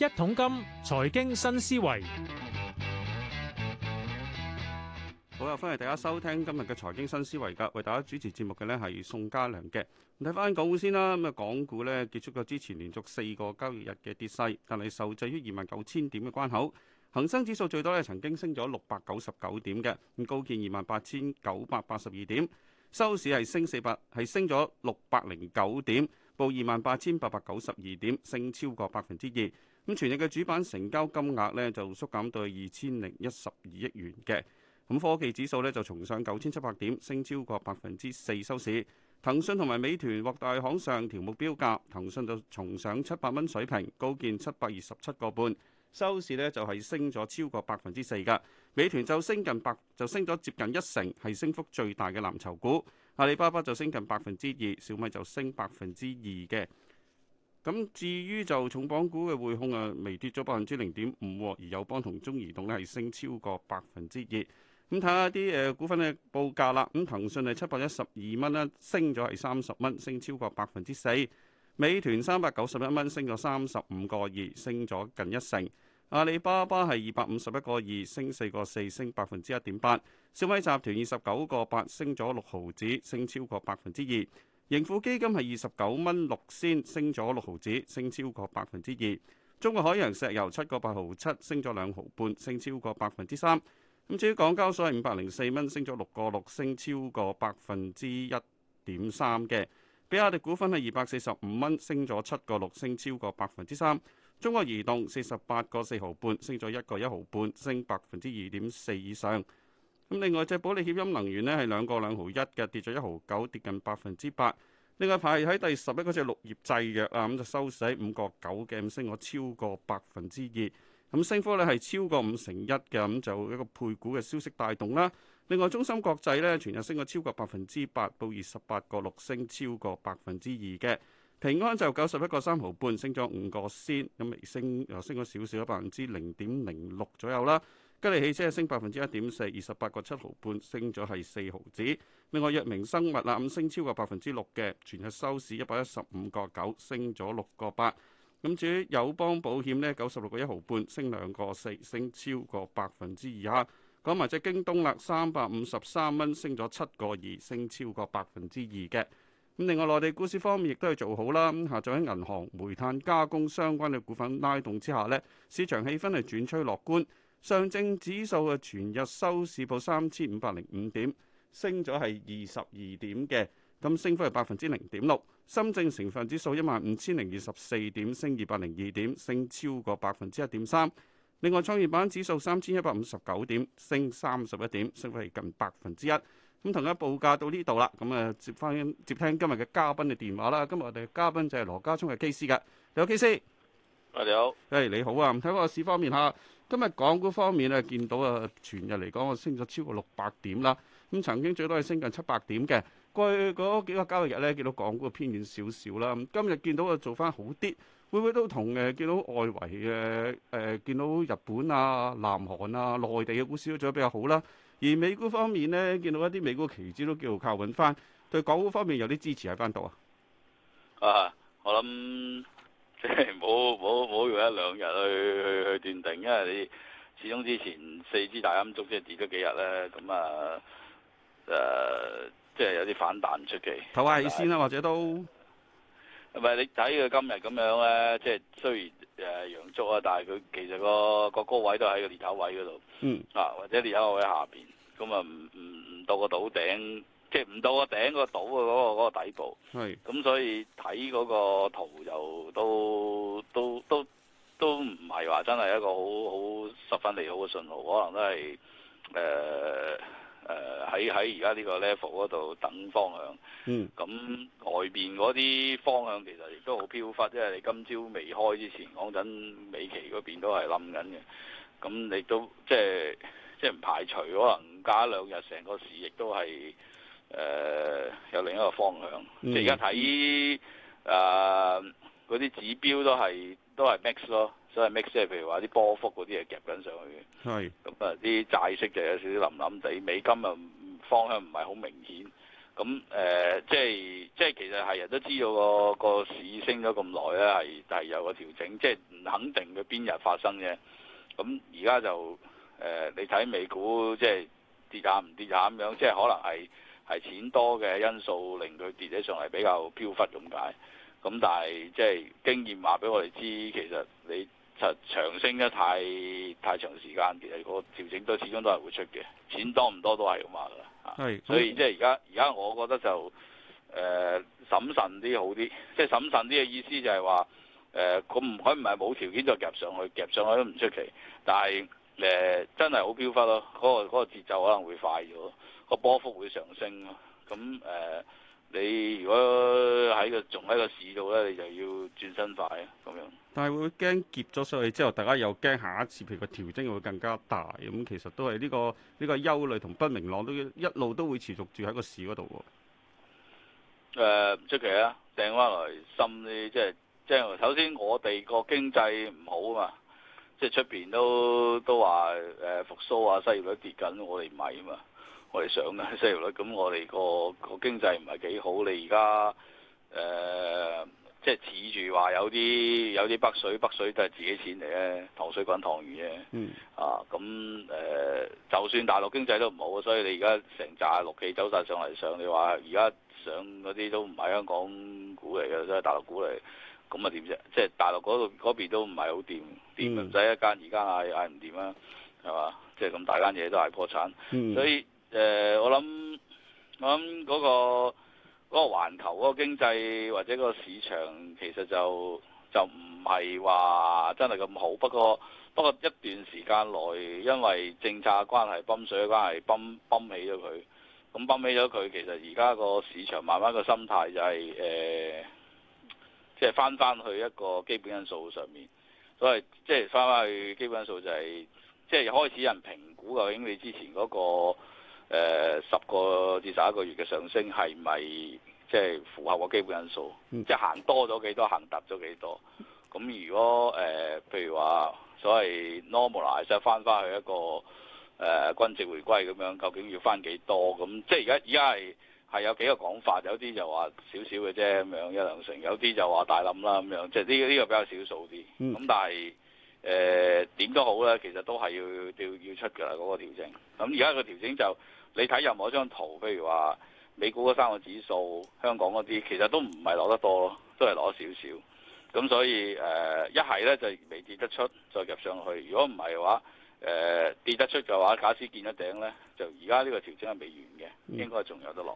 一桶金財經新思維，好又歡迎大家收聽今日嘅財經新思維。噶為大家主持節目嘅呢係宋家良嘅。睇翻港股先啦，咁啊，港股呢，結束咗之前，連續四個交易日嘅跌勢，但係受制於二萬九千點嘅關口，恒生指數最多呢曾經升咗六百九十九點嘅，咁高見二萬八千九百八十二點，收市係升四百，係升咗六百零九點，報二萬八千八百九十二點，升超過百分之二。咁全日嘅主板成交金額呢就縮減到二千零一十二億元嘅。咁科技指數呢就重上九千七百點，升超過百分之四收市。騰訊同埋美團獲大行上調目標價，騰訊就重上七百蚊水平，高見七百二十七個半，收市呢就係升咗超過百分之四噶。美團就升近百，就升咗接近一成，係升幅最大嘅藍籌股。阿里巴巴就升近百分之二，小米就升百分之二嘅。咁至於就重磅股嘅匯控啊，微跌咗百分之零點五，而友邦同中移動咧係升超過百分之二。咁睇下啲誒股份嘅報價啦。咁騰訊係七百一十二蚊啦，升咗係三十蚊，升超過百分之四。美團三百九十一蚊，升咗三十五個二，升咗近一成。阿里巴巴係二百五十一個二，升四個四，升百分之一點八。小米集團二十九個八，升咗六毫子，升超過百分之二。盈富基金係二十九蚊六仙，升咗六毫子，升超過百分之二。中國海洋石油七個八毫七，升咗兩毫半，升超過百分之三。咁至於港交所係五百零四蚊，升咗六個六，升超過百分之一點三嘅。比亞迪股份係二百四十五蚊，升咗七個六，升超過百分之三。中國移動四十八個四毫半，升咗一個一毫半，升百分之二點四以上。咁另外隻保利協鑫能源咧，係兩個兩毫一嘅，跌咗一毫九，跌近百分之八。另外排喺第十一個隻綠葉製藥啊，咁就收市五個九嘅，咁升咗超過百分之二。咁升幅咧係超過五成一嘅，咁就一個配股嘅消息帶動啦。另外中心國際咧，全日升咗超過百分之八，到二十八個六，升超過百分之二嘅。平安就九十一個三毫半，升咗五個先，咁微升又升咗少少，百分之零點零六左右啦。吉利汽車係升百分之一點四，二十八個七毫半，升咗係四毫子。另外，藥明生物啊，五升超過百分之六嘅，全日收市一百一十五個九，升咗六個八。咁至於友邦保險呢，九十六個一毫半，升兩個四，升超過百分之二啊。講埋隻京東啦，三百五十三蚊，升咗七個二，升超過百分之二嘅。咁另外，內地股市方面亦都係做好啦。咁下咗喺銀行、煤炭、加工相關嘅股份拉動之下呢，市場氣氛係轉趨樂觀。上證指數啊，全日收市報三千五百零五點，升咗係二十二點嘅，咁升幅係百分之零點六。深證成分指數一萬五千零二十四點，升二百零二點，升超過百分之一點三。另外，創業板指數三千一百五十九點，升三十一點，升幅係近百分之一。咁，同一報價到呢度啦，咁啊，接翻接聽今日嘅嘉賓嘅電話啦。今日我哋嘅嘉賓就係羅家聰嘅 KC 嘅，有好，KC，你好，誒、啊，你好, hey, 你好啊。唔睇個市方面吓。今日港股方面咧，見到啊，全日嚟講，我升咗超過六百點啦。咁曾經最多係升近七百點嘅，過去嗰幾個交易日咧，見到港股偏遠少少啦。今日見到啊，做翻好啲，會唔會都同誒見到外圍嘅誒、呃，見到日本啊、南韓啊、內地嘅股市都做得比較好啦。而美股方面咧，見到一啲美股期指都叫做靠穩翻，對港股方面有啲支持喺翻度啊。啊，我諗。即係冇冇冇用一兩日去去去斷定，因為你始終之前四支大陰燭即係跌咗幾日咧，咁啊誒、啊，即係有啲反彈出嚟。唞一下氣是先啦、啊，或者都唔係你睇佢今日咁樣咧，即係雖然誒陽、呃、燭啊，但係佢其實、嗰個、嗰個高位都喺個跌頭位嗰度。嗯啊，或者跌頭位喺下邊，咁啊唔唔唔到個島頂。即係唔到個頂個島嘅嗰個嗰個底部，係咁是、嗯、所以睇嗰個圖又都都都都唔係話真係一個好好十分利好嘅信號，可能都係誒誒喺喺而家呢個 level 嗰度等方向。嗯，咁、嗯、外邊嗰啲方向其實亦都好飄忽，即係你今朝未開之前講緊美期嗰邊都係冧緊嘅，咁、嗯、你都即係即係唔排除可能加兩日成個市亦都係。誒、uh, 有另一個方向，即係而家睇啊嗰啲指標都係都係 max 咯，所以 max 即係譬如話啲波幅嗰啲嘢夾緊上去嘅。係咁啊！啲債息就有少少冧冧地，美金啊方向唔係好明顯。咁誒，即係即係其實係人都知道個個市升咗咁耐咧，但係有個調整，即係唔肯定佢邊日發生嘅。咁而家就誒，uh, 你睇美股即係跌下唔跌下咁樣，即係可能係。係錢多嘅因素令佢跌起上嚟比較飄忽咁解，咁但係即係經驗話俾我哋知，其實你其實長升得太太長時間，其實個調整都始終都係會出嘅，錢多唔多都係咁話㗎。係的，所以即係而家而家我覺得就誒審、呃、慎啲好啲，即係審慎啲嘅意思就係話誒佢唔可唔係冇條件就夾上去，夾上去都唔出奇，但係誒、呃、真係好飄忽咯，嗰個嗰個節奏可能會快咗。個波幅會上升啊。咁誒、呃，你如果喺個仲喺個市度咧，你就要轉身快啊，咁樣。但係會唔會驚結咗上去之後，大家又驚下一次譬如個調整會更加大？咁其實都係呢、呢個呢、呢個憂慮同不明朗，都一路都會持續住喺個市嗰度喎。呃、唔出奇啊！掟翻嚟心咧，即係即係首先我哋個經濟唔好啊嘛，即係出邊都都話誒、呃、復甦啊，失業率跌緊，我哋唔係啊嘛。我哋想嘅，石油女。咁我哋個個經濟唔係幾好，你而家誒即係恃住話有啲有啲北水北水都係自己錢嚟嘅，糖水滾糖魚啫。嗯、啊，咁誒、呃，就算大陸經濟都唔好，所以你而家成紮陸企走晒上嚟上，你話而家上嗰啲都唔係香港股嚟嘅，都、就、係、是、大陸股嚟。咁啊點啫？即係大陸嗰度嗰邊都唔係好掂，掂唔使一間，間，而家嗌嗌唔掂啊，係嘛？即係咁大間嘢都嗌破產，嗯、所以。誒、呃，我諗，我諗嗰、那個嗰、那個、環球嗰個經濟或者個市場其實就就唔係話真係咁好。不過不過，一段時間內，因為政策嘅關係，泵水嘅關係，泵泵起咗佢。咁泵起咗佢，其實而家個市場慢慢個心態就係、是、誒，即係返返去一個基本因素上面。所謂即係返返去基本因素就係、是，即、就、係、是、開始有人評估究竟你之前嗰、那個。誒、呃、十個至十一個月嘅上升係咪即係符合個基本因素？即係行多咗幾多，行突咗幾多？咁如果誒、呃，譬如話所謂 normalize 翻翻去一個誒均值迴歸咁樣，究竟要翻幾多？咁即係而家而家係係有幾個講法，有啲就話少少嘅啫，咁樣一兩成；有啲就話大冧啦，咁樣即係呢呢個比較少數啲。咁但係誒點都好啦，其實都係要要要要出㗎啦嗰個調整。咁而家個調整就。你睇任何一張圖，譬如話美股嗰三個指數、香港嗰啲，其實都唔係攞得多咯，都係攞少少。咁所以誒，一係咧就未跌得出，再入上去；如果唔係嘅話，誒、呃、跌得出嘅話，假使見咗頂咧，就而家呢個調整係未完嘅，應該仲有得落。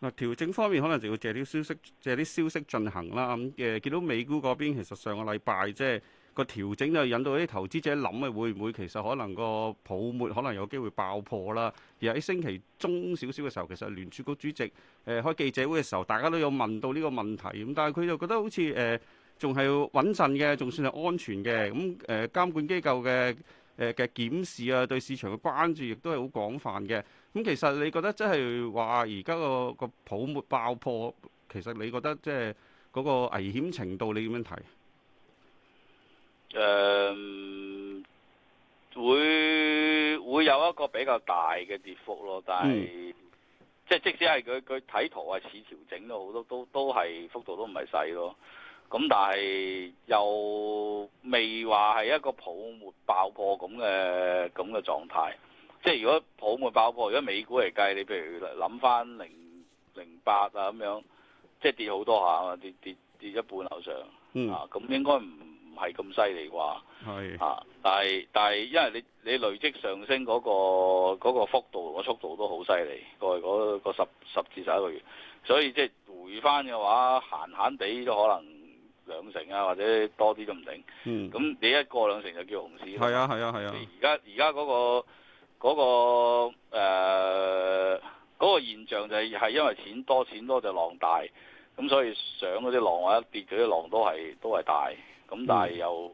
嗱、嗯，調整方面可能就要借啲消息，借啲消息進行啦。咁、嗯、嘅，見到美股嗰邊其實上個禮拜即係。個調整就引到啲投資者諗，咪會唔會其實可能個泡沫可能有機會爆破啦？而喺星期中小小嘅時候，其實聯儲局主席誒、呃、開記者會嘅時候，大家都有問到呢個問題。咁但係佢就覺得好似誒仲係穩陣嘅，仲算係安全嘅。咁誒、嗯呃、監管機構嘅誒嘅檢視啊，對市場嘅關注亦都係好廣泛嘅。咁、嗯、其實你覺得即係話而家個個泡沫爆破，其實你覺得即係嗰個危險程度你，你點樣睇？誒、嗯，會會有一個比較大嘅跌幅咯，但係、嗯、即係即使係佢佢睇圖啊，似調整都好多，都都係幅度都唔係細咯。咁但係又未話係一個泡沫爆破咁嘅咁嘅狀態。即係如果泡沫爆破，如果美股嚟計，你譬如諗翻零零八啊，咁樣即係跌好多下啊，跌跌跌一半樓上啊，咁應該唔。唔係咁犀利啩？係是啊，但係但係，因為你你累積上升嗰、嗰個嗰個幅度，那個速度都好犀利，嗰個、嗰個十十至十一個月，所以即係回翻嘅話，閒閒地都可能兩成啊，或者多啲都唔定。嗯，咁你一過兩成就叫熊市。係啊，係啊，係啊。而家而家嗰個嗰、嗰個誒、呃嗰個、現象就係、是、係因為錢多錢多就浪大，咁所以上嗰啲浪或者跌嗰啲浪都係都係大。咁、嗯、但係又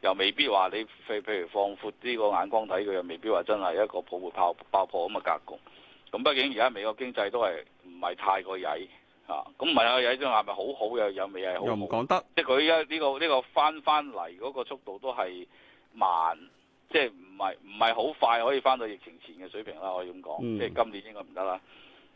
又未必話你，譬如放闊啲個眼光睇，佢又未必話真係一個泡沫爆爆破咁嘅格局。咁畢竟而家美國經濟都係唔係太過曳啊。咁唔係有曳張亞，咪好好嘅，又未係好。有冇講得，即係佢而家呢個呢個呢個返返嚟嗰個速度都係慢，即係唔係唔係好快可以返到疫情前嘅水平啦。可以咁講，嗯、即係今年應該唔得啦。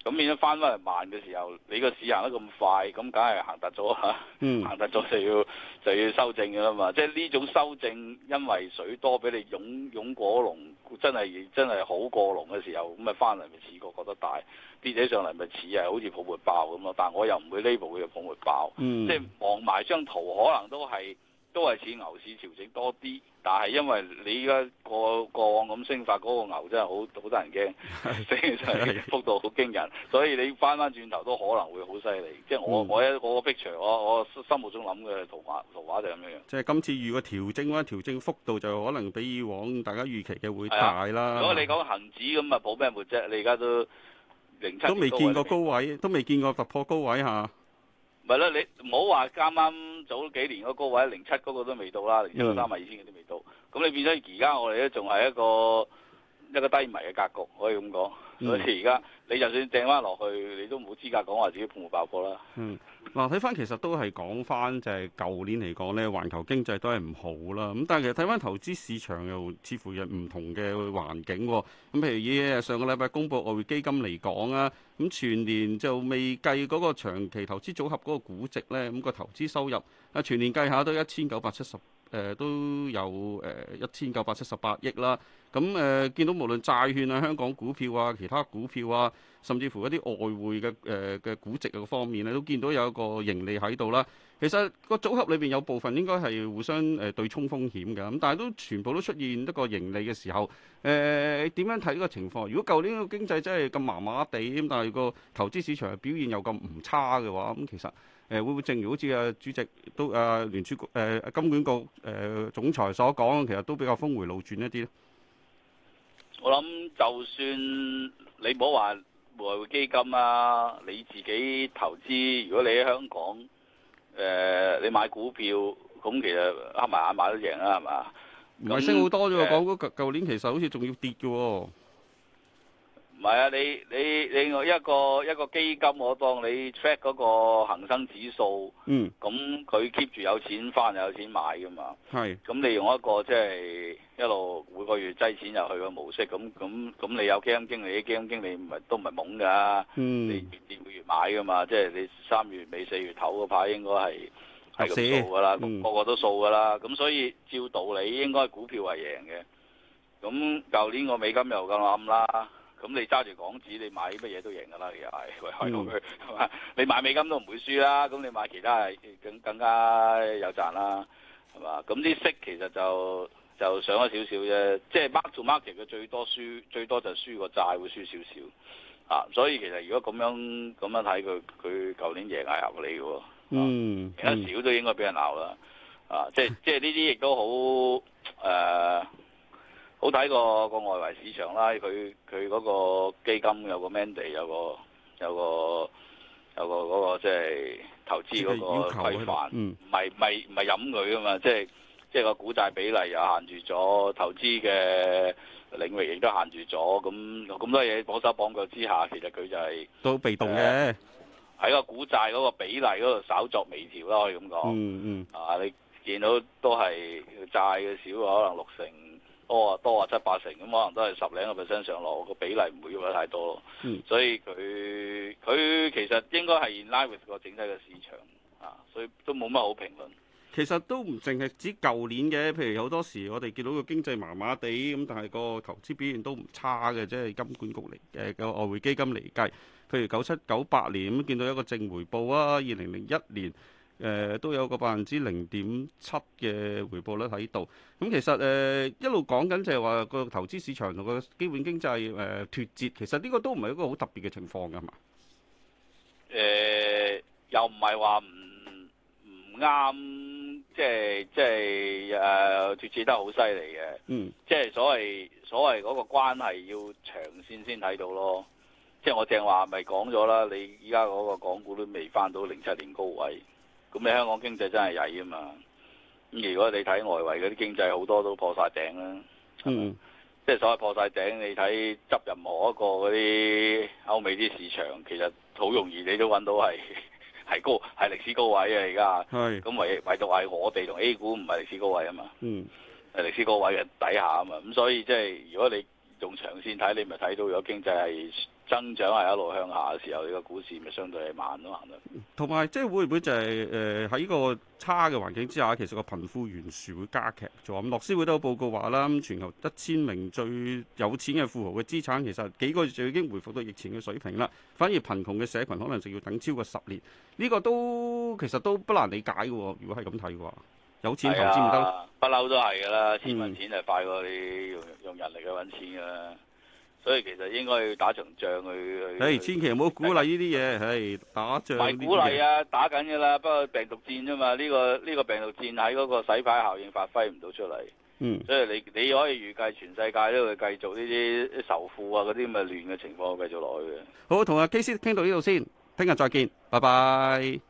咁變咗翻翻嚟慢嘅時候，你個市行得咁快，咁梗係行突咗嚇，行突咗就要就要修正㗎啦嘛。即係呢種修正，因為水多俾你湧湧過龍，真係真係好過龍嘅時候，咁咪翻嚟咪似個覺得大，跌起上嚟咪似係好似泡沫爆咁咯。但我又唔會 label 佢係泡沫爆，嗯、即係望埋張圖可能都係。都係似牛市調整多啲，但係因為你而家過過往咁升發嗰、嗰個牛真係好好得人驚，升嘅就係幅度好驚人， 所以你翻翻轉頭都可能會好犀利。嗯、即係我我一我嘅 picture，我我心目中諗嘅圖畫圖畫就係咁樣樣。即係今次如果調整啦，調整幅度就可能比以往大家預期嘅會大啦。如果你講恆指咁啊，保咩活啫？你而家都零七都未見過高位，都未見過突破高位嚇。啊。唔係啦，你唔好話啱啱早幾年嗰高位零七嗰個都未到啦，零七、三萬二千嗰啲未到，咁你變咗而家我哋咧仲係一個一個低迷嘅格局，可以咁講。好似而家你就算掟翻落去，你都冇資格講話自己泡沫爆破啦。嗯，嗱睇翻其實都係講翻，就係舊年嚟講咧，環球經濟都係唔好啦。咁但係其實睇翻投資市場又似乎有唔同嘅環境，哦。咁譬如嘢上個禮拜公佈外匯基金嚟講啊，咁全年就未計嗰個長期投資組合嗰個估值咧，咁、嗰個投資收入啊，全年計下都一千九百七十。誒、呃、都有誒一千九百七十八億啦，咁、嗯、誒、呃、見到無論債券啊、香港股票啊、其他股票啊，甚至乎一啲外匯嘅誒嘅估值嘅方面咧，都見到有一個盈利喺度啦。其實個組合裏邊有部分應該係互相誒對沖風險嘅，咁但係都全部都出現一個盈利嘅時候，誒點樣睇呢個情況？如果舊年個經濟真係咁麻麻地，咁但係個投資市場表現又咁唔差嘅話，咁、嗯、其實～誒會唔會正如好似啊，主席都啊，聯儲局誒，金管局誒總裁所講，其實都比較峰迴路轉一啲咧。我諗就算你唔好話外匯基金啊，你自己投資，如果你喺香港誒，你買股票，咁其實瞌埋眼買都贏啦，係嘛？上升好多啫喎，講嗰舊舊年其實好似仲要跌嘅喎。唔係啊！你你你我一個一個基金，我當你 check 嗰個恆生指數，嗯，咁佢 keep 住有錢翻又有錢買噶嘛。係咁是，你用一個即係、就是、一路每個月擠錢入去嘅模式，咁咁咁，你有基金經理，啲基金經理唔係都唔係懵㗎。嗯、你月月每月買㗎嘛，即係你三月尾四月頭嗰排應該係係咁數㗎啦，嗯、個個都數㗎啦。咁所以照道理應該股票係贏嘅。咁舊年個美金又咁啱啦。咁你揸住港紙，你買乜嘢都贏噶啦，又係為害佢係嘛？嗯、 你買美金都唔會輸啦，咁你買其他係更更加有賺啦，係嘛？咁啲息其實就就上咗少少啫，即係 mark to market 佢最多輸最多就輸個債會輸少少啊，所以其實如果咁樣咁樣睇佢佢舊年贏係合理嘅，啊、嗯，贏少都應該俾人鬧啦，啊，即係即係呢啲亦都好誒。呃好睇過個外圍市場啦，佢佢嗰個基金有個 mandate，有個有個有個嗰個即係投資嗰個規範，唔係唔係唔係飲佢㗎嘛，即係即係個股債比例又限住咗，投資嘅領域亦都限住咗，咁咁多嘢綁手綁腳之下，其實佢就係、是、都被動嘅，喺、呃、個股債嗰個比例嗰度稍作微調啦，可以咁講、嗯。嗯嗯。啊，你見到都係債嘅少，可能六成。多啊，多啊，七八成咁，可能都係十零個 percent 上落，個比例唔會得太多咯，嗯，所以佢佢其實應該係拉回個整體嘅市場啊，所以都冇乜好評論。其實都唔淨係指舊年嘅，譬如好多時我哋見到個經濟麻麻地咁，但係個投資表現都唔差嘅，即係金管局嚟誒嘅外匯基金嚟計，譬如九七九八年咁見到一個正回報啊，二零零一年。誒、呃、都有個百分之零點七嘅回報率喺度。咁其實誒、呃、一路講緊就係話個投資市場同個基本經濟誒脫節，其實呢個都唔係一個好特別嘅情況㗎嘛。誒、呃、又唔係話唔唔啱，即係即係誒脫節得好犀利嘅。嗯，即係所謂所謂嗰個關係要長線先睇到咯。即係我正話咪講咗啦，你依家嗰個港股都未返到零七年高位。咁你香港經濟真係曳啊嘛！咁、嗯、如果你睇外圍嗰啲經濟，好多都破晒頂啦，嗯、即係所謂破晒頂。你睇執任何一個嗰啲歐美啲市場，其實好容易你都搵到係係高係歷史高位啊！而家咁唯唯獨係我哋同 A 股唔係歷史高位啊嘛，係、嗯、歷史高位嘅底下啊嘛。咁所以即係如果你用長線睇，你咪睇到有經濟係。增長係一路向下嘅時候，呢、呢個股市咪相對係慢咗慢咯。同埋即係會唔會就係誒喺個差嘅環境之下，其實個貧富懸殊會加劇咗。咁樂施會都有報告話啦，咁全球一千名最有錢嘅富豪嘅資產其實幾個月就已經回復到疫情嘅水平啦。反而貧窮嘅社群可能就要等超過十年。呢、呢個都其實都不難理解嘅。如果係咁睇嘅話，有錢投資唔得，不嬲、啊、都係㗎啦。錢搵錢就快過你用、嗯、用人力去揾錢㗎。所以其實應該要打場仗去嘿去。誒，千祈唔好鼓勵呢啲嘢，誒，打仗。唔係鼓勵啊，打緊噶啦，不過病毒戰啫嘛，呢個呢個病毒戰喺嗰個洗牌效應發揮唔到出嚟。嗯。所以你你可以預計全世界都會繼續呢啲仇富啊，嗰啲咁嘅亂嘅情況繼續落去嘅。好，同阿基師傾到呢度先，聽日再見，拜拜。